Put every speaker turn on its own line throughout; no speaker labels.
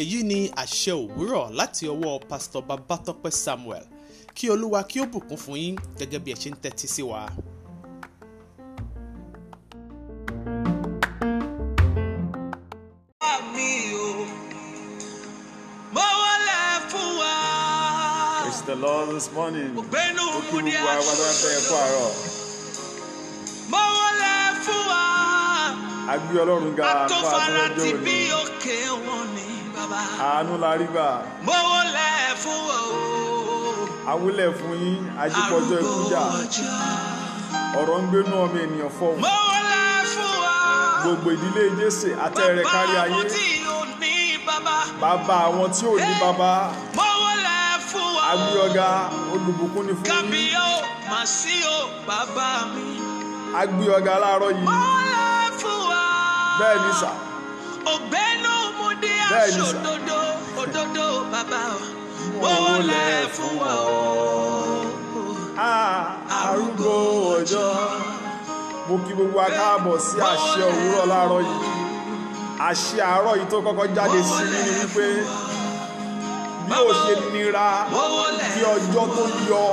èyí ni àṣẹ òwúrọ̀ láti ọwọ́ pásítọ̀ Babátọ́pẹ́ Samuel kí Olúwa kí ó bùkún fún yín gẹ́gẹ́ bí ẹ ṣe ń tẹ́tí sí wa. the Lord this morning. Ó kí gbogbo àwọn tó ń agbé ọlọ́run ga fún àtúnjọ́ òní àánú la rí gbà. mowó lẹ fún ọ. awúlẹ̀ fún yín ajípọ̀jọ́ ikú jà ọ̀rọ̀ ń gbénú ọmọ ènìyàn fọ́ọ̀mù. mowó lẹ fún ọ. gbogbo ìdílé jésè àtẹ̀rẹ̀ kárí ayé. bàbá àwọn tí ò ní bàbá. mowó lẹ fún ọ. agbé ọ̀gá olùbùkún ni fún yín. kàbíyó màsíyó bàbá mi. agbé ọ̀gá láàárọ̀ yìí. mowó bẹ́ẹ̀ ni sà. ọ̀gbẹ́ni òmùdí aṣòdodo òdodo bàbá owó lẹ̀ fún wa o. arúgbó ọjọ́. mo kí gbogbo wa sí àṣẹ òwúrọ̀ láàárọ̀ yìí àṣẹ àárọ̀ yìí tó kọ́kọ́ jáde sí mi ni wípé bí ó ṣe nira kí ọjọ́ tó yọ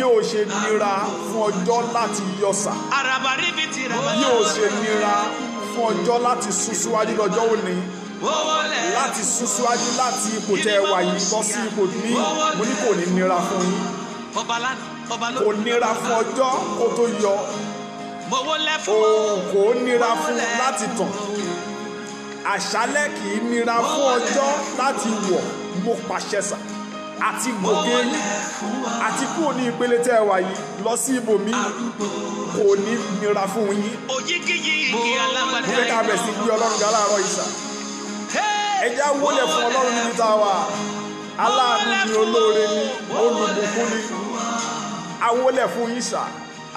yóò ṣe nira fún ọjọ́ láti yọ̀sà yóò ṣe nira fún ọjọ́ láti sún síwájú lọ́jọ́ òní láti sún síwájú láti ipò tẹ́ ẹ wà yìí bọ́ sí ipò ní mo ní kò ní nira fún yín kò nira fún ọjọ́ kó tó yọ kò nira fún láti tàn àṣálẹ́ kì í nira fún ọjọ́ láti wọ̀ mo pàṣẹ sà àti gòkè àti kúrò ní ìpele tẹ́ ẹ wà yìí lọ sí ibòmí kò ní nira fún yín. mo fẹ́ ká bẹ̀ sí gbé ọlọ́run ga láàárọ̀ ìṣà. ẹ já wọlé fún ọlọ́run níbi tá a wà aláàánú ni olóore ni olùbùkún ni awolẹ̀ fún ìṣà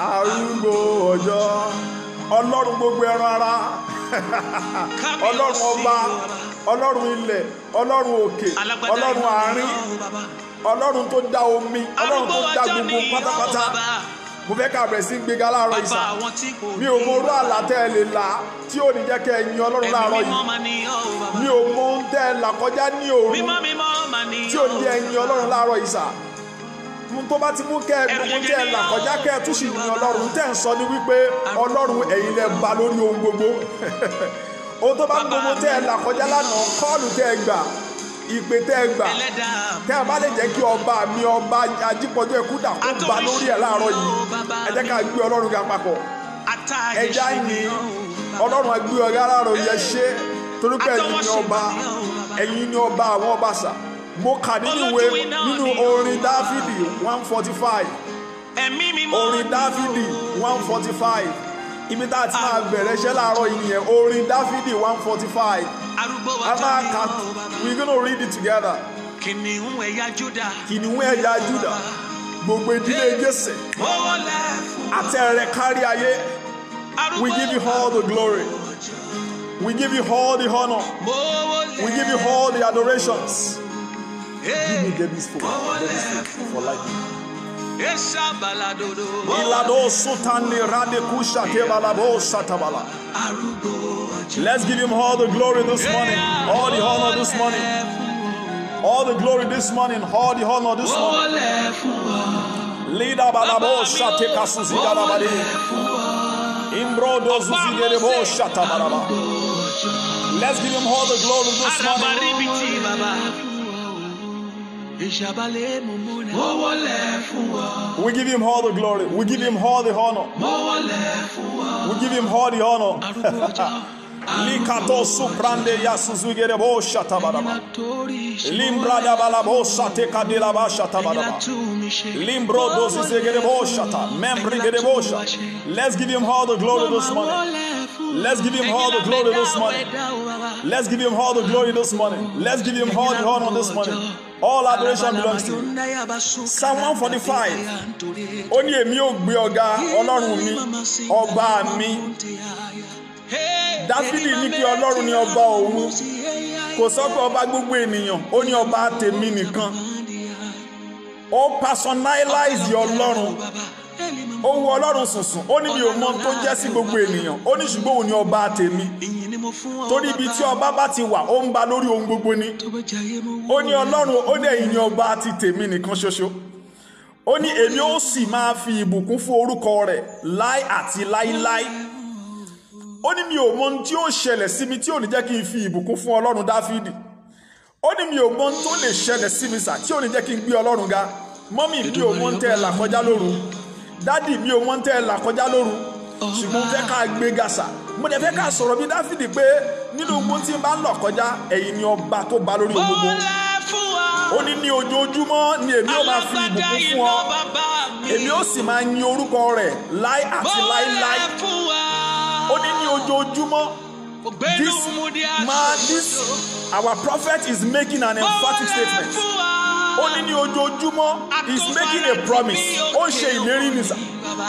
arúgbó ọjọ́ ọlọ́run gbogbo ẹran ara ọlọ́run ọba ọlọ́run ilẹ̀ ọlọ́run òkè ọlọ́run àárín ọlọ́run tó dá omi ọlọ́run tó dá gbogbo pátápátá mo fẹ́ ká bẹ̀rẹ̀ sí gbéga láàárọ̀ ìsà mi ò mọ orú àlá tẹ́ ẹ lè là tí ò ní jẹ́ kẹ́ ẹ yin ọlọ́run láàárọ̀ yìí mi ò mọ ohun tẹ́ ẹ là kọjá ní òru tí ò ní jẹ́ ẹ yin ọlọ́run láàárọ̀ ìsà tó bá ti mú kẹ́ ẹ gbogbo kẹ́ ẹ là kọjá kẹ́ ẹ tún ń sọ ni wípé ọlọ́run ẹ̀yin lẹ ba lórí ohun gbogbo ohun tó bá gbogbo tẹ́ ẹ lánàá kọ́ọ̀lù tẹ́ gbà ìpè tẹ́ gbà tẹ́ bá lè jẹ́ kí ọba mi ọba ajípọ̀jọ́ ẹ̀kúdà kó ba lórí ẹ̀ láàárọ̀ yìí ẹ jẹ́ ká gbé ọlọ́run ga papọ̀ ẹ já yìn ọlọ́run agbé ọ̀gá láàárọ̀ yẹ ṣe torí pé ni ọba ẹ̀yin ni ọba àwọn ọba sà mo kà nínú ìwé nínú orin dáfídì one forty five orin dáfídì one forty five ibi tá a ti máa bẹ̀rẹ̀ iṣẹ́ láàárọ̀ yìí nìyẹn orin dáfídì one forty five a máa we gonna read it together. kìnìún ẹ̀yà júdà. kìnìún ẹ̀yà júdà gbogbo ìdílé jésè àtẹ̀rẹ̀ kárí ayé we give you all the glory we give you all the honour we give you all the adorations. Give me Debbie's phone. Debbie's phone for lightning. Let's give him all the glory this morning, all the honor this morning, all the glory this morning, all the honor this morning. Let's give him all the glory this morning. We give him all the glory. We give him all the honor. We give him all the honor. Likato suprande ya suzugere bo shatabaraba. Limbra da balabo shate kadela ba shatabaraba. Limbro dosi segere bo shata. Membri gere bo Let's give him all the glory this morning. Let's give him all the glory this morning. Let's give him all the glory this morning. Let's give him all the honor this morning. all adoration belongs to you psalm one forty five ó ní èmi ò gbé ọlọ́run mi ọba mi dáfídì ní pé ọlọ́run ni ọba òun kò sọ pé ọba gbogbo ènìyàn ó ní ọba tèmi nìkan ó personalize ọlọ́run. ó wọ ọlọ́run sùnsùn ó ní mi ò mọ tó jẹ́ sí gbogbo ènìyàn ó ní ṣùgbọ́n òun ni ọba tèmi torí ibi tí ọba bá ti wà ó ń ba lórí ohun gbogbo ni ó ní ọlọ́run ó ní ẹ̀yin ni ọba ti tèmi nìkan ṣoṣo ó ní èmi ó sì máa fi ìbùkún fún orúkọ rẹ̀ láì àti láíláí ó ní mi ò mọ ohun tí ó ṣẹlẹ̀ sí mi tí ò ní jẹ́ kí n fi ìbùkún fún ọlọ́run dáfídì ó ní mi ò mọ ohun tó lè ṣẹlẹ̀ sí mi sà tí ò ní jẹ́ kí n gbé ọlọ́run ga mọ́mì mi ò mọ ohun tẹ́ ẹ là lóru dádì mi ò wọ́n tẹ́ ẹ là kọjá lóru ṣùgbọ́n fẹ́ ká gbé gàṣà mo dẹ̀ fẹ́ ká sọ̀rọ̀ bí dáfídì pé nínú gbogbo tí n bá lọ kọjá ẹ̀yin ni ọba tó ba lórí gbogbo ó ní ní ojoojúmọ́ ni èmi ó máa fi ìbùkún fún ọ èmi ó sì máa yin orúkọ rẹ̀ láì àti láíláí ó ní ní ojoojúmọ́ this man this our prophet is making an emphatic statement ó ní ní ojoojúmọ́ is making a promise ó ń ṣe ìlérí nìsa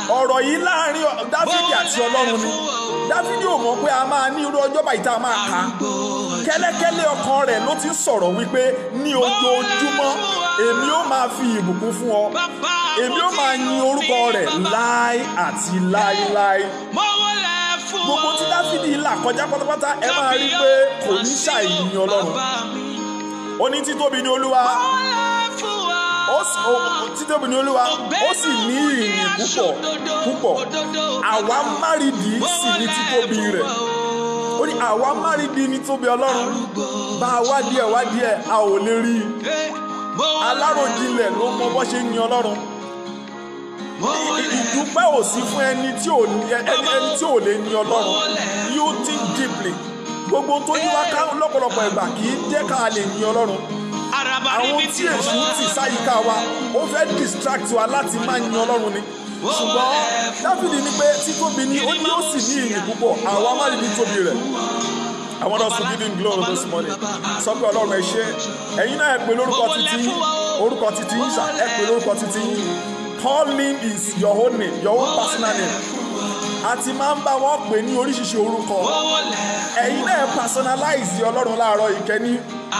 ọ̀rọ̀ yìí láàrin dáfídì àti ọlọ́run ni dáfídì ò mọ̀ pé a máa ní irú ọjọ́ báyìí tá a máa kà á kẹ́lẹ́kẹ́lẹ́ ọkàn rẹ̀ ló ti ń sọ̀rọ̀ wípé ní ojoojúmọ́ èmi ó máa fi ìbùkún fún ọ èmi ó máa yin orúkọ rẹ̀ láì àti láíláí gbogbo tí dáfídì là kọjá pátápátá ẹ máa rí i pé kò ní ṣàìyìn ọlọ́run ó ní títóbi olúwa títóbi ní olúwa ó sì ní ìyìn púpọ̀ púpọ̀ àwa márìdì sì ní títóbi rẹ̀ ó ní àwa márìdì ní tóbi ọlọ́run bá a wá díẹ̀ wá díẹ̀ a ò lè rí i aláròjinlẹ̀ ló mọ bó ṣe ń yin ọlọ́run ìdúpẹ́ ò sí fún ẹni tí ò lè yin ọlọ́run you think deeply gbogbo tó yí wá ká lọ́pọ̀lọpọ̀ ìgbà kì í jẹ́ ká lè yin ọlọ́run àwọn tí èṣù ti sáyíká wa ó fẹ́ distract wa láti máa yin ọlọ́run ni ṣùgbọ́n eh, dáfídì ní pé títóbi ni ó ní ó sì ní ìyìn púpọ̀ àwa má lè ní tóbi rẹ̀ I want us to give him glory this morning sọ pé ọlọ́run ẹ ṣé ẹ̀yin náà ẹ pè lórúkọ títí yín orúkọ títí yín ṣá ẹ pè lórúkọ títí yín calling is your own name your own personal name a ti máa ń bá wọn pè ní oríṣiríṣi orúkọ ẹ̀yin náà personalize ọlọ́run láàárọ̀ ìkẹ́ni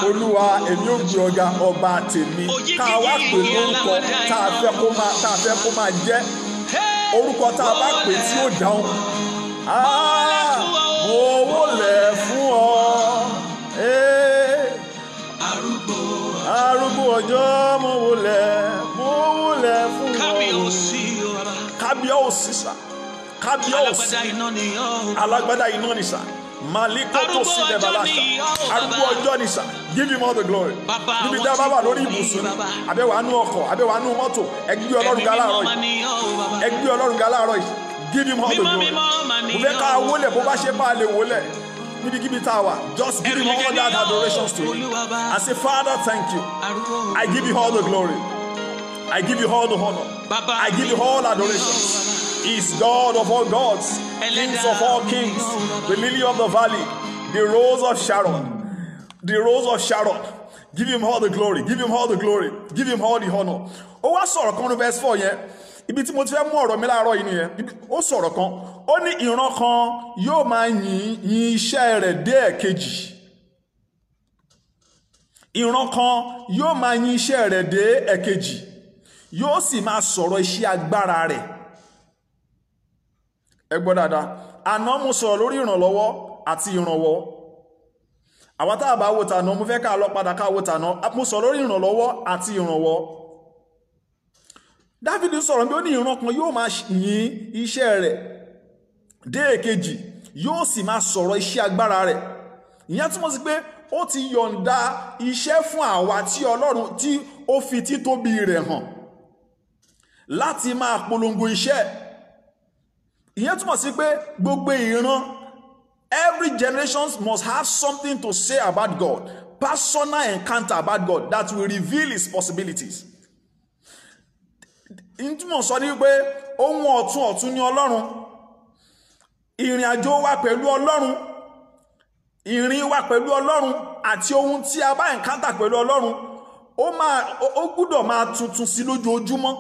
olúwa èmi ò gbé ọ̀gá ọba tèmi ká wá pè lórúkọ tá a fẹ́ kó máa tá a fẹ́ kó máa jẹ́ orúkọ tá a bá pè tí ó dáhùn mo wólẹ̀ fún ọ arúgbó ọjọ́ mo wólẹ̀ mo wólẹ̀ fún ọ kábíyá òsì sá kábíọ́sì alagbada iná ni sà maliko tó sí dẹ̀bàlásà arúgbó ọjọ́ ni sà give him all the glory níbi tí a bá wà lórí ibùsùn abẹ́wàánú ọkọ̀ abẹ́wàánú mọ́tò ẹgbẹ́ ọlọ́run ga yìí ẹgbẹ́ ọlọ́run ga yìí give him all the glory mo fẹ́ ká wọlé bó bá ṣe bá a lè wọlé níbikíbi tá a wà just give him all that adoration to him and say father thank you I give you all the glory I give you all the honour I give you all adoration is God of all gods, kings of all kings, the lily of the valley, the rose of Sharon, the rose of Sharon. Give him all the glory, give him all the glory, give him all the honor. Ó wá sọ̀rọ̀ kan ní verse four yẹn, ibi tí mo ti fẹ́ mú ọ̀rọ̀ mi láàárọ̀ yìí nìyẹn, ó sọ̀rọ̀ kan, ó ní ìran kan yóò máa yìn yìn iṣẹ́ rẹ̀ dé ẹ̀kejì ìran kan yóò máa yìn iṣẹ́ rẹ̀ dé ẹ̀kejì yóò sì máa sọ̀rọ̀ iṣẹ́ agbára rẹ̀ ẹ gbọ́ dáadáa àná mo sọ̀rọ̀ lórí ìrànlọ́wọ́ àti ìrànwọ́ àwọn tá a bá wo tàná mo fẹ́ ká lọ padà ká wo tàná mo sọ̀rọ̀ lórí ìrànlọ́wọ́ àti ìrànwọ́ dáfídì sọ̀rọ̀ bí ó ní ìran kan yóò máa yìn iṣẹ́ rẹ̀ dé èkejì yóò sì máa sọ̀rọ̀ iṣẹ́ agbára rẹ̀ ìyẹn túmọ̀ sí pé ó ti yọ̀ǹda iṣẹ́ fún àwa tí ọlọ́run tí ó fi títóbi rẹ̀ hàn láti máa polongo iṣẹ́ ìyẹn túmọ̀ sí pé gbogbo ìran every generation must have something to say about God personal encounter about God that will reveal his possibilities ìtumọ̀ sọ ní pé ohun ọ̀tun ọ̀tun ni ọlọ́run ìrìn àjò wa pẹ̀lú ọlọ́run ìrìn wa pẹ̀lú ọlọ́run àti ohun tí a bá ń pẹ̀lú ọlọ́run ó gbúdọ̀ máa tuntun sí lójoojúmọ́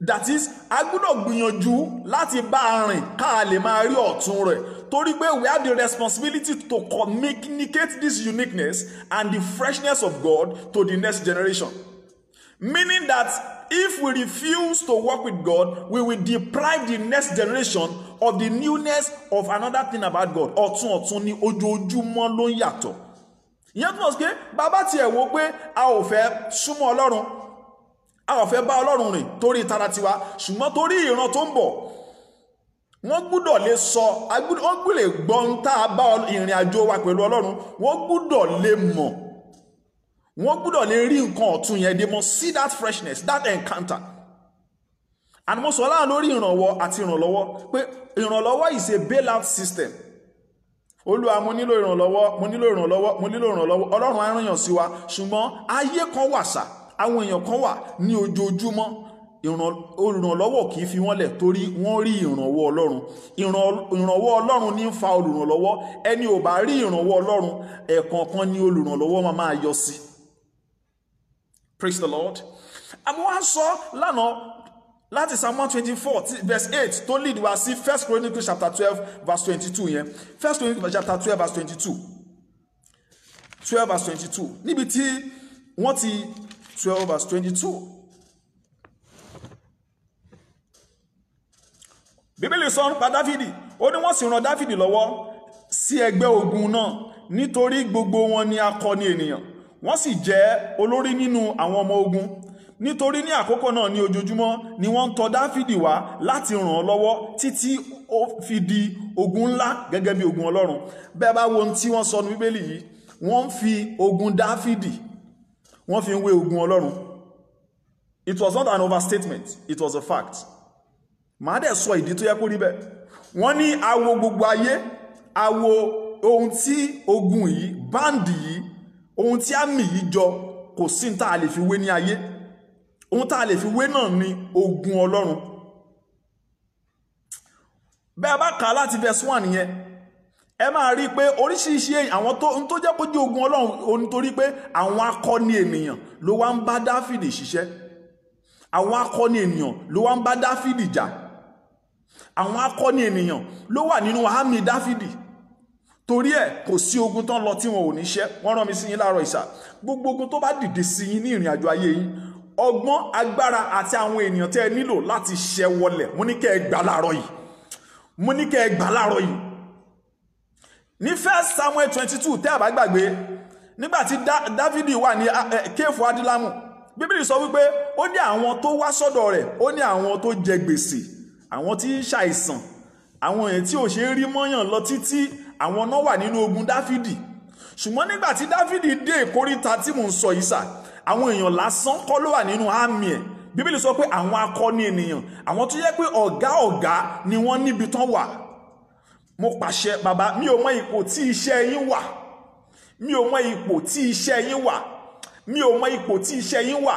that is a gbọ́dọ̀ gbìyànjú láti bá a rìn ká a lè máa rí ọ̀tun rẹ̀ torí pé we have the responsibility to communicate this uniqueness and the freshness of God to the next generation meaning that if we refuse to work with God we will deprive the next generation of the newness of another thing about God ọ̀tun ọ̀tun ni ojoojúmọ́ ló ń yàtọ̀ ìyẹn túmọ̀ sí pé bàbá tiẹ̀ wo pé a ò fẹ́ súnmọ́ Ọlọ́run a ò fẹ́ bá ọlọ́run rìn torí tara tiwa ṣùgbọ́n torí ìran tó ń bọ̀ wọ́n gbúdọ̀ lè sọ wọ́n gbúdọ̀ lè gbọ́ ń tá a bá ìrìn àjò wa pẹ̀lú ọlọ́run wọ́n gbúdọ̀ lè mọ̀ wọ́n gbúdọ̀ lè rí nǹkan ọ̀tun yẹn they must see that freshness that encounter and mo sọ láàrín lórí ìrànwọ́ àti ìrànlọ́wọ́ pé ìrànlọ́wọ́ is a bailout system olúwa mo nílò ìrànlọ́wọ́ mo nílò ìrànlọ́wọ́ mo nílò ìrànlọ́wọ́ ọlọ́run á ràn yàn sí wa ṣùgbọ́n ayé kan wàṣà àwọn èèyàn kan wà ní ojoojúmọ́ olùrànlọ́wọ́ kì í fi wọ́n lẹ̀ torí wọ́n rí ìrànwọ́ ọlọ́run ìrànwọ́ ọlọ́run ní ń fa olùrànlọ́wọ́ ẹni ò bá rí ìrànwọ́ ọlọ́run ẹ̀ẹ̀kọ̀ọ̀kan ni olùrànlọ́wọ́ máa máa yọ sí praise the lord àmọ́ wá sọ lánàá láti psalm one twenty four verse eight tó lead wá sí first chronicles chapter twelve verse twenty two yẹn first chronicles chapter twelve verse twenty two twelve verse twenty two níbi tí wọ́n ti 12 verse 22. bíbélì sọ nípa dáfídì ó ní wọ́n sì ran dáfídì lọ́wọ́ sí ẹgbẹ́ ogun náà nítorí gbogbo wọn ni akọni ènìyàn wọ́n sì jẹ́ olórí nínú àwọn ọmọ ogun nítorí ní àkókò náà ní ojoojúmọ́ ni wọ́n ń tọ̀ dáfídì wá láti ràn án lọ́wọ́ títí ó fi di ogun ńlá gẹ́gẹ́ bí ogun ọlọ́run bẹ́ẹ̀ bá wo ohun tí wọ́n sọ ní bíbélì yìí wọ́n ń fi ogun dáfídì wọ́n fi ń wé ogun ọlọ́run it was not an overstatement it was a fact màá dẹ̀ sọ ìdí tó yẹ kó rí bẹ́ẹ̀ wọ́n ní awo gbogbo ayé awo ohun tí ogun yìí báǹdì yìí ohun tí àmì yìí jọ kò sí tá a lè fi wé ní ayé ohun tá lè fi wé náà ni ogun ọlọ́run bẹ́ẹ̀ bá kà á láti verse one yẹn ẹ máa rí i pé oríṣiríṣi àwọn tó ń tó jẹ́ kójú ogun ọlọ́run òun torí pé àwọn akọni ènìyàn ló wá ń bá dáfídì ṣiṣẹ́ àwọn akọni ènìyàn ló wá ń bá dáfídì jà àwọn akọni ènìyàn ló wà nínú àmì dáfídì torí ẹ kò sí ogun tán lọ tí wọn ò ní ṣe wọ́n rán mi sí yín láàárọ̀ ìṣà gbogbo ogun tó bá dìde sí yín ní ìrìn àjò ayé yín ọgbọ́n agbára àti àwọn ènìyàn tẹ́ ẹ nílò láti ṣẹ́ wọlẹ̀ mo ní kẹ́ ẹ gbà láàárọ̀ yìí mo ní kẹ́ ẹ gbà láàárọ̀ yìí ní first samuel twenty two tẹ́ àbá gbàgbé nígbà tí dávidi wà ní kéèfù adílámù bíbélì sọ wípé ó ní àwọn tó wá sọ́dọ̀ rẹ̀ ó ní àwọn tó jẹ gbèsè àwọn tí ń ṣàìsàn àwọn èyí tí ò ṣe é rí mọ́yàn lọ títí àwọn náà wà nínú ogun dávidi ṣùgbọ́n nígbà tí dávidi dé ìkóríta tí mò ń sọ yìí sà àwọn èèyàn lásán kọ́ ló wà nínú àmì ẹ̀ bíbélì sọ pé àwọn akọni ènìyàn àwọn tó yẹ pé ọ̀gá ọ̀gá ni wọ́n níbi tán wà mo pàṣẹ bàbá mi ò mọ ipò tí iṣẹ́ yín wà mi ò mọ ipò tí iṣẹ́ yín wà mi ò mọ ipò tí iṣẹ́ yín wà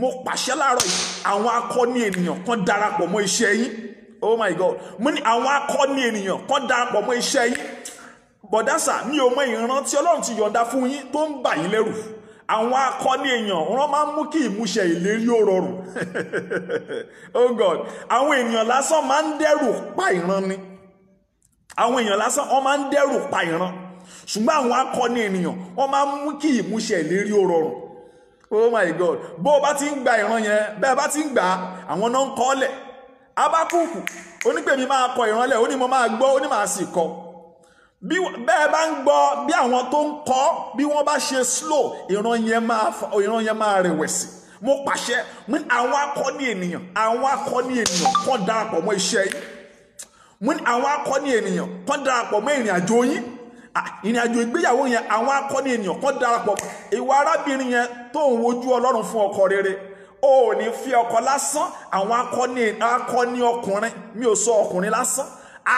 mo pàṣẹ láàárọ̀ yìí àwọn akọni ènìyàn kan darapọ̀ mọ́ iṣẹ́ yín oh my god mo ní àwọn akọni ènìyàn kan darapọ̀ mọ́ iṣẹ́ yín bọ̀dásà mi ò mọ ìran tí ọlọ́run ti yọ̀ǹda fún yín tó ń bà yín lẹ́rù àwọn akọni èèyàn wọn máa ń mú kí ìmúṣẹ ìlérí ó rọrùn oh god àwọn ènìyàn lásán máa ń dẹ́rù pa ìran ni àwọn èèyàn lásán wọ́n máa ń dẹ́rù pa ìran ṣùgbọ́n àwọn akọni ènìyàn wọ́n máa ń mú kí ìmúṣẹ ìlérí ó rọrùn oh my god bó o bá ti ń gba ìran yẹn bẹ́ẹ̀ bá ti ń gbà á àwọn náà ń kọ́ ọ́ lẹ̀ abákùkù onípèmí máa kọ ìran lẹ̀ ó ní mo máa gbọ́ ó ní màá sì kọ́ bí bẹ́ẹ̀ bá ń gbọ́ bí àwọn tó ń kọ́ bí wọ́n bá ṣe slow ìran yẹn máa ìran yẹn máa rẹ̀wẹ̀sì mo pàṣẹ àwọn akọni ènìyàn àwọn akọni ènìyàn kọ́ darapọ̀ mọ́ iṣẹ́ yìí mo ní àwọn akọni ènìyàn kọ́ darapọ̀ mọ́ ìrìn àjò yín ìrìn àjò ìgbéyàwó yẹn àwọn akọni ènìyàn kọ́ darapọ̀ ìwà arábìnrin yẹn tó ń wojú ọlọ́run fún ọkọ rere o ò ní fi ọkọ lásán àwọn akọni ọkùnrin mi ò sọ ọkùnrin lásán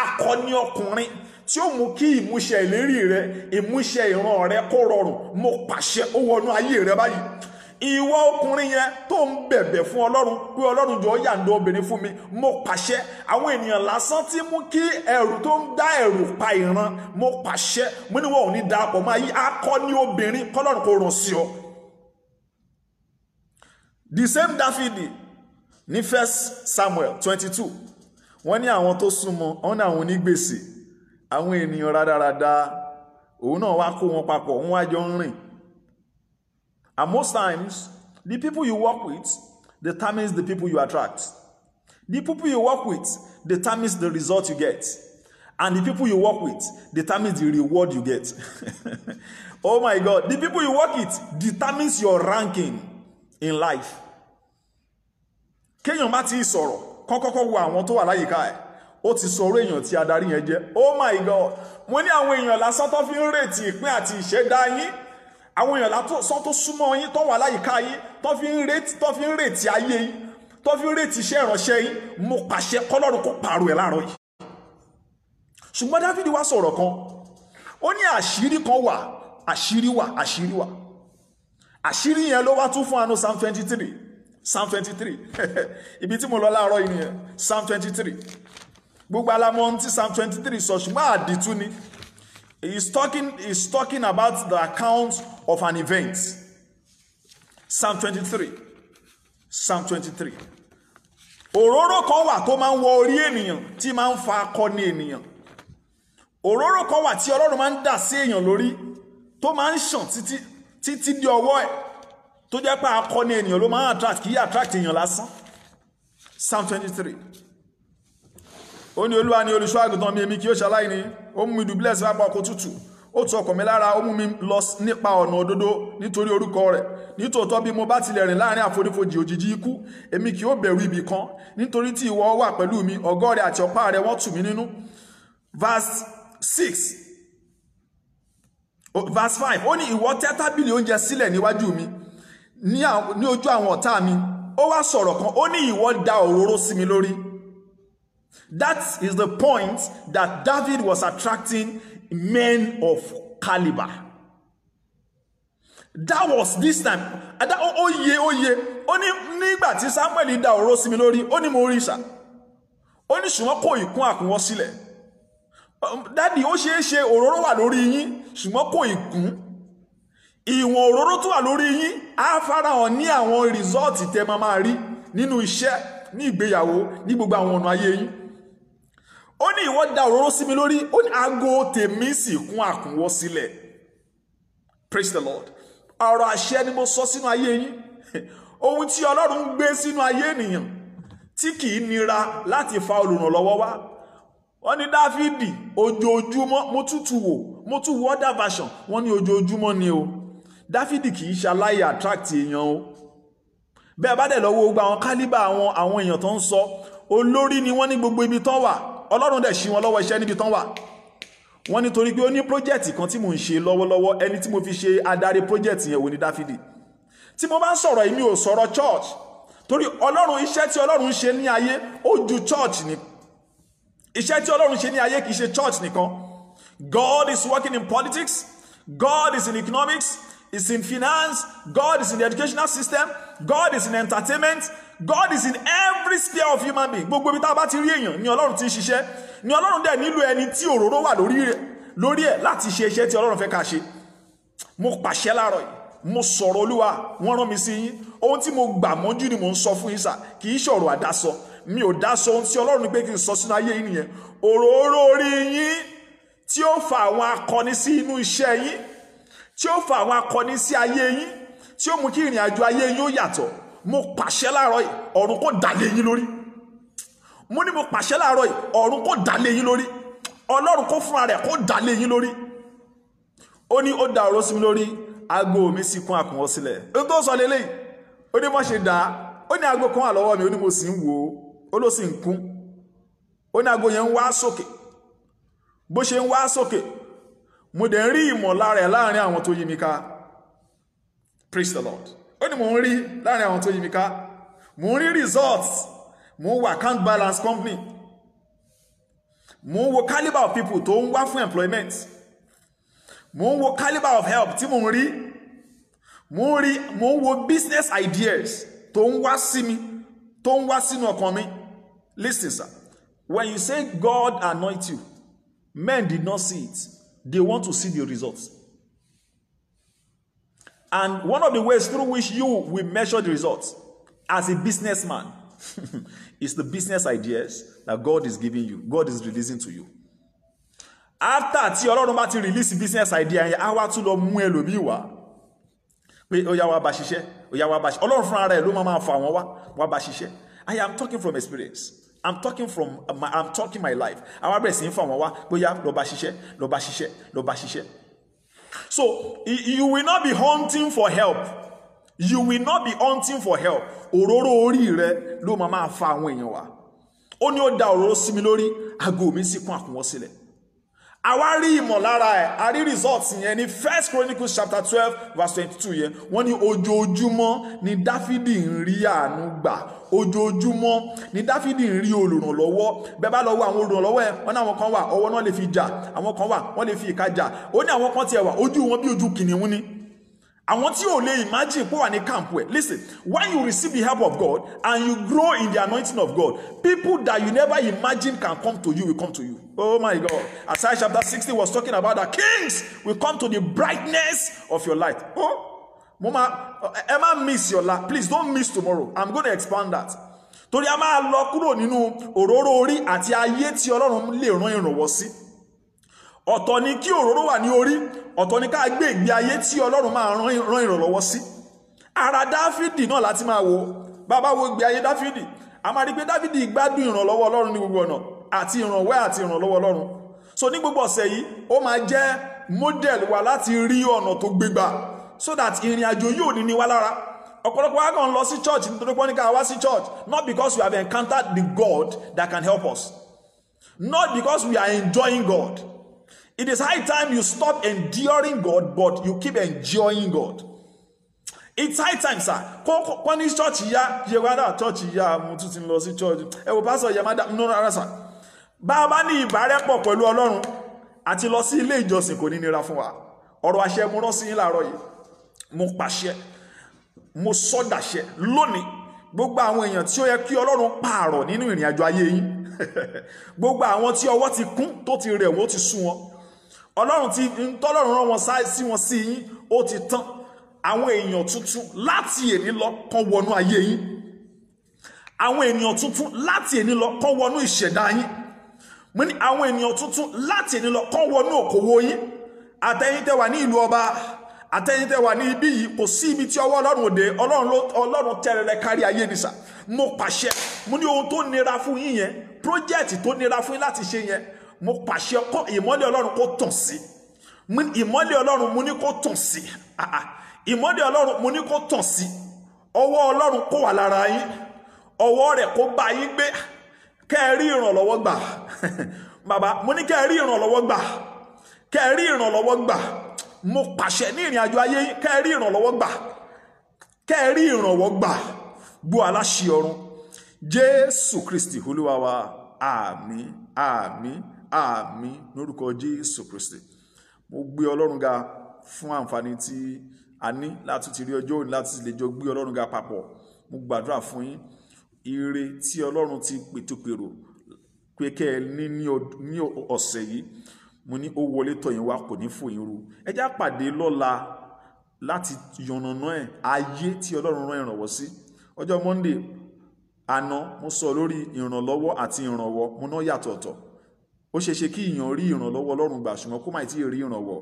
akọni ọkùnrin tí ó mú kí ìmúṣẹ ìlérí rẹ ìmúṣẹ ìran rẹ kó rọrùn mo pàṣẹ ó wọnú ayé rẹ báyìí ìwọ ọkùnrin yẹn tó ń bẹ̀bẹ̀ fún ọlọ́run pé ọlọ́run jọ yàǹda obìnrin fún mi mo pàṣẹ àwọn ènìyàn lásán tí mú kí ẹ̀rù tó ń dá ẹ̀rù pa ìran mo pàṣẹ mo ní wọn ò ní darapọ̀ máa yí akọni obìnrin kọ́lọ́run kò ràn sí ọ. the same dáfídì ní first samuel twenty two wọ́n ní àwọn tó súnmọ́ wọ́n ní àwọn onígbèsè àwọn ènìyàn rádaràda òun náà wá kó wọn papọ̀ wọ́n wá jọ ń rìn And most times, the people you work with determines the people you attract. The people you work with determines the result you get. And the people you work with determines the reward you get. oh my God. The people you work with determines your ranking in life. Kéèyàn bá ti sọ̀rọ̀ kọ́kọ́kọ́ wo àwọn tó wà láyìíká ẹ̀ ó ti sọ̀rọ̀ èèyàn tí adarí yẹn jẹ́. Oh my God. Mo ní àwọn èèyàn lásán tó fi ń retí ìpín àti ìṣẹ̀dá yín àwọn èèyàn látọ̀ tó súnmọ́ yín tó wà láyìíká yín tó fi ń retí tó fi ń retí ayé yín tó fi ń retí iṣẹ́ ìránṣẹ́ yín mo pàṣẹ kọ́lọ́run kó pààrọ̀ ẹ̀ láàárọ̀ yìí ṣùgbọ́n Dáfídì wá sọ̀rọ̀ kan ó ní àṣírí kan wà àṣírí wà àṣírí wà àṣírí yẹn ló wá tún fún àánú psalm twenty three psalm twenty three ibi tí mo lọ láàárọ̀ yìí nìyẹn psalm twenty three gbogbo alamọ ohun tí psalm twenty three sọ ṣùgbọ́n àdìtú ni He's talking, he's talking about the account of an event. Psalm 23. Psalm 23. Òróró kan wà tó máa ń wọ orí ènìyàn tí máa ń fa akọni ènìyàn. Òróró kan wà tí Ọlọ́run máa ń dà sí èèyàn lórí tó máa ń ṣàn títí títí di ọwọ́ ẹ̀ tó jẹ́ pé akọni ènìyàn ló máa ń attract kì í attract èèyàn lásán. Psalm 23 ó ní olúwa ni olùṣọ́ àgùntàn mi èmi kì yóò ṣaláì ní ó mú mi dùbílẹ̀ sí apá ọkọ̀ tútù ó tu ọkàn mi lára ó mú mi lọ nípa ọ̀nà òdodo nítorí orúkọ rẹ̀ nítòótọ́ bí mo bá tilẹ̀ rìn láàrin àfonífojì òjijì ikú èmi kì yóò bẹ̀rù ibì kan nítorí tí ìwọ wà pẹ̀lú mi ọ̀gọ́ rẹ àti ọ̀pá rẹ wọ́n tù mí nínú verse six verse five ó ní ìwọ tẹ́ tábìlì oúnjẹ sílẹ̀ níwájú mi ní ojú àwọn ọ̀tá mi ó wá sọ̀rọ̀ kan ó ní ìwọ da òróró sí mi lórí That is the point that David was attracting men of caliber. That was this time. Ada ó yẹ ó yẹ ó ní nígbà tí Samuel da ọ̀rọ̀ sí mi lórí ó ní mo rí ìṣà ó ní ṣùgbọ́n kò ìkún àkúnwọ́ sílẹ̀ um, dádì ó ṣeé ṣe òróró wà lórí yín ṣùgbọ́n kò ìkún ìwọ̀n òróró tó wà lórí yín á farahàn ní àwọn rìsọ́ọ̀tì tẹ́ máa máa rí nínú iṣẹ́ ní ìgbéyàwó ní gbogbo àwọn ọ̀nà ayé yín ó ní ìwọ da òróró sí mi lórí ó ní aago tèmi sì kún àkúnwọ́ sílẹ̀ praise the lord ọ̀rọ̀ àṣẹ ni mo sọ sínú ayé yín ohun tí ọlọ́run ń gbé sínú ayé ènìyàn tí kì í nira láti fa olùrànlọ́wọ́ wá wọ́n ní dáfídì ojoojúmọ́ mo tútù wò mo tún wò other version wọ́n ní ojoojúmọ́ ni o dáfídì kì í ṣaláyè attract èèyàn o bẹ́ẹ̀ bá dẹ̀ lọ́wọ́ gba àwọn kálíbà àwọn àwọn èèyàn tó ń sọ olórí ni wọ́n ní gbogbo ibi tó wà ọlọ́run dẹ̀ ṣí wọn lọ́wọ́ iṣẹ́ níbi tán wà wọ́n nítorí pé ó ní project kan tí mò ń ṣe lọ́wọ́lọ́wọ́ ẹni tí mo fi ṣe adarí project yẹn wò ní dáfídì tí mo bá ń sọ̀rọ̀ èmi ò sọ̀rọ̀ church torí ọlọ́run iṣẹ́ tí ọlọ́run ṣe ní ayé ó ju church ni iṣẹ́ tí ọlọ́run ṣe ní ayé kì í ṣe church nìkan God is working in politics God is in economics is in finance God is in the educational system God is in entertainment God is in every sphere of human being gbogbo ibi tá a bá ti rí èèyàn ni ọlọ́run ti ń ṣiṣẹ́ ni ọlọ́run dẹ̀ nílò ẹni tí òróró wà lórí ẹ̀ láti ṣe iṣẹ́ tí ọlọ́run fẹ́ ká ṣe mo pàṣẹ láàárọ̀ yìí mo sọ̀rọ̀ olúwa wọ́n rán mi sí yín ohun tí mo gbà mọ́jú ni mo ń sọ fún yín sà kì í ṣọ̀rọ̀ àdásọ mi ò dásọ ohun tí ọlọ́run ní pé kí n sọ sínú ayé yín nìyẹn òróró orí yín tí ó fa àwọn akọni sí inú iṣẹ́ yín tí ó fa àwọn akọni sí ayé yín tí ó mú kí ìrìn àjò ayé yín ó yàtọ̀ mo pàṣẹ láàárọ̀ yìí ọ̀run kò dàlé yín lórí mo ní mo pàṣẹ láàárọ̀ yìí ọ̀run kò dàlé yín lórí ọlọ́run kò fúnra rẹ̀ kò dàlé yín lórí ó ní ó da ọ̀rọ̀ sí mi lórí aago mi sì kún àkùnwọ́ sílẹ̀ ó tó sọ lélẹ́yìí ó ní mọ̀ṣe dá ó ní aago kan wà lọ́wọ́ mi ó ní mo sì ń wò ó ó ló sì ń kún ó ní aago yẹn ń wá sókè bó ṣe ń wá sókè mo dẹ̀ ń rí ìmọ̀lára ẹ̀ láàrin àwọn tó yí mi ká praise the Lord ó ní mò ń rí láàrin àwọn tó yí mi ká mò ń rí results mò ń wo account balance company mò ń wo calibre of people tó ń wá fún employment mò ń wo calibre of help tí mò ń rí mò ń rí mò ń wo business ideas tó ń wá sí mi tó ń wá sínú ọkàn mi listen sir when you say God anoint you men did not see it they want to see the results. And one of the ways through which you will measure the results as a businessman is the business ideas that God is giving you, God is releasing to you. After tí Ọlọ́run bá ti release business idea yẹn, á wá tún lọ mú ẹlòmíì wá pé ó yá wa bá ṣiṣẹ́, ó yá wá bá ṣiṣẹ́. Ọlọ́run fúnra rẹ̀ ló máa máa fà wọ́n wá wá bá ṣiṣẹ́. I am talking from experience. I'm talking from my, I'm talking my life. Àwọn abẹ́rẹ́ sì ń fà wọ́n wá pé ó yá lọ bá ṣiṣẹ́, lọ bá ṣiṣẹ́, lọ bá ṣiṣẹ́. So you will not be hunting for help. You will not be hunting for help. Òróró orí rẹ ló máa máa fa àwọn èèyàn wá. Ó ní ó da òróró sí mi lórí, aago mi sì kún àkúnwọ́ sílẹ̀ àwa rí ìmọ̀lára ẹ̀ a rí results yẹn ní first chronicles chapter twelve verse twenty-two yẹn wọ́n ní ojoojúmọ́ ni dáfídì ń rí àánú gbà ojoojúmọ́ ni dáfídì ń rí olùrànlọ́wọ́ bẹ́ẹ̀ bá lọ́wọ́ àwọn olùrànlọ́wọ́ ẹ̀ wọ́n ní àwọn kan wà ọwọ́ náà lè fi jà àwọn kan wà wọ́n lè fi ìka jà ó ní àwọn kan tiẹ̀ wà ojú wọn bí ojú kìnìún ni àwọn tí ò lè imagine pé wà ní camp wẹ̀ listen when you receive the help of God and you grow in the anointing of God people that you never imagine can come to you will come to you oh my God Isaiah chapter sixty was talking about that kings will come to the brightness of your light oh mama emma miss your life please don't miss tomorrow I'm gonna expand that torí a máa lọ kúrò nínú òróró orí àti ayé tí Ọlọ́run lè rán ìrànwọ́ sí ọ̀tọ̀ ni kí òróró wà ní orí ọ̀tọ̀ ni ká gbé ìgbé ayé tí ọlọ́run máa rán ìrànlọ́wọ́ sí ara dáfídì náà láti máa wo bàbá wo ìgbé ayé dáfídì a máa rí pé dáfídì gbádùn ìrànlọ́wọ́ ọlọ́run ní gbogbo ọ̀nà àti ìrànwẹ́ àti ìrànlọ́wọ́ ọlọ́run so ní gbogbo ọ̀sẹ̀ yìí ó máa jẹ́ model wa láti rí ọ̀nà tó gbégbá so that ìrìn àjò yóò ní ní wá lára ọ̀pọ̀lọpọ̀ wa kàn lọ sí church nítorí pé wọ́n ní ká wá sí church not because we have encountered the God that can help us not because we are enjoying God It is high time you stop enduring God, but you keep enjoying God. It's high time, sir. Kọ́ ní ṣọ́ọ̀ṣì yá, Yewada ṣọ́ọ̀ṣì yá, mo tún ti lọ sí ṣọ́ọ̀ṣì. Ẹ wò pásọ̀ Yemada, no rárá sà. Bá a bá ní ìbárẹ́pọ̀ pẹ̀lú Ọlọ́run àti lọ sí ilé ìjọsìn kò ní nira fún wa. Ọ̀rọ̀ àṣẹ mo rán sí yín láàárọ̀ yìí. Mo pàṣẹ, mo sọ́dàṣẹ lónìí gbogbo àwọn èèyàn tí ó yẹ kí ọlọ́run pààrọ̀ nínú ìrìn àjò ayé yín gbogbo àwọn tí ọwọ́ ti kún tó ti rẹ̀ wọ́n ti sú wọn ọlọ́run ti ń tọ́lọ́run rán wọn sí wọn sí yín ó ti tán àwọn èèyàn tuntun láti èní lọ kàn wọnú ayé yín àwọn ènìyàn tuntun láti èní lọ kàn wọnú ìṣẹ̀dá yín mo ní àwọn ènìyàn tuntun láti èní lọ kàn wọnú òkòwò yín àtẹ̀yin tẹ́ wà ní ìlú ọba àtẹ̀yin tẹ́ wà ní ibí yìí kò sí ibi tí ọwọ́ ọlọ́run òde ọlọ́run tẹ́rẹ̀rẹ̀ kárí ayé nìṣà mo pàṣẹ mo ní ohun tó nira fún yín yẹn project tó nira fún yín láti ṣe yẹn mo pàṣẹ kọ́ ìmọ́lẹ̀ ọlọ́run kó tàn sí ìmọ́lẹ̀ ọlọ́run mo ní kó tàn sí ìmọ́lẹ̀ ọlọ́run mo ní kó tàn sí ọwọ́ ọlọ́run kó wà lára yín ọwọ́ rẹ̀ kó bá yín gbé kẹ́ ẹ rí ìrànlọ́wọ́ gbà bàbá mo ní kẹ́ ẹ rí ìrànlọ́wọ́ gbà kẹ́ ẹ rí ìrànlọ́wọ́ gbà mo pàṣẹ ní ìrìn àjò ayé yín kẹ́ ẹ rí ìrànlọ́wọ́ gbà kẹ́ ẹ rí ìrànwọ́ gbà gbọ́ aláṣẹ ọ̀run jésù kristi olúwa wa àmín àmín àmín lórúkọ jésù kristi mo gbé ọlọ́run ga fún àǹfààní tí a ní láti ti rí ọjọ́ òní láti lè jọ gbé ọlọ́run ga papọ̀ mo gbàdúrà fún yín ire tí ọlọ́run ti pètòpèrò pé kẹ́ ẹ ní ní ọ̀sẹ̀ yìí mo ní ó wọlé tọ̀yìn wá kò ní fòyín ru ẹ já pàdé lọ́la láti yànnàná ẹ̀ ayé tí ọlọ́run rán ìrànwọ́ sí ọjọ́ monday àná mo sọ lórí ìrànlọ́wọ́ àti ìrànwọ́ mo ná yàtọ̀ọ̀tọ̀ ó ṣe ṣe kí èèyàn rí ìrànlọ́wọ́ ọlọ́run gbà ṣùgbọ́n kó má tí rí ìrànwọ́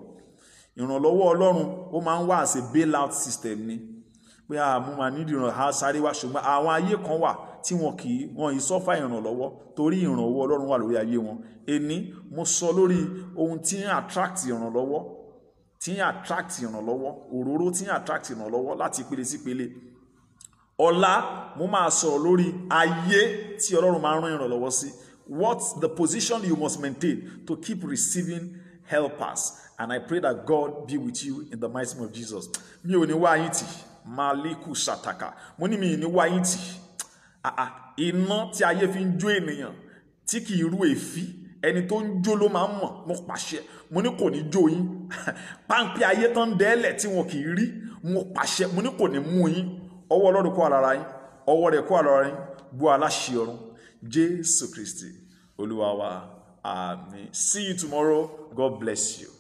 ìrànlọ́wọ́ ọlọ́run ó máa ń wá àṣẹ bail out system ni pé ah, a mú ma nídìí ìràn á sáré wá ṣùgbọ́n àwọn ayé kan wà tí wọn kì í wọn yìí sọ́fà ìrànlọ́wọ́ torí ìrànwọ́ ọlọ́run wà lórí ayé wọn ẹni mo sọ lórí ohun tí ń attract ìrànlọ́wọ́ tí ń attract ìrànlọ́wọ́ òróró tí ń attract ìrànlọ́wọ́ láti pele sí pele ọ̀la mo máa sọ̀rọ̀ lórí ayé tí ọlọ́run máa ń rán ìrànlọ́wọ́ sí what's the position you must maintain to keep receiving helpers. And I pray that God be with you in the mighty name of Jesus. Mi ò ní wá yín Maliku Shataka. Mo ní mi ò ní wá yín tì. Iná tí ayé fi ń jó ènìyàn tí kì í rú èéfín ẹni tó ń jó ló máa ń mọ̀ mo pàṣẹ mo ní kò ní jó yín páńpẹ́ ayé tán dẹ́lẹ̀ tí wọn kì í mo pàṣẹ mo ní kò ní mú yín ọwọ́ ọlọ́run kó ara yín ọwọ́ rẹ̀ kó ara yín bu aláṣẹ ọ̀run Jésù Kristi olúwa amen. see you tomorrow God bless you.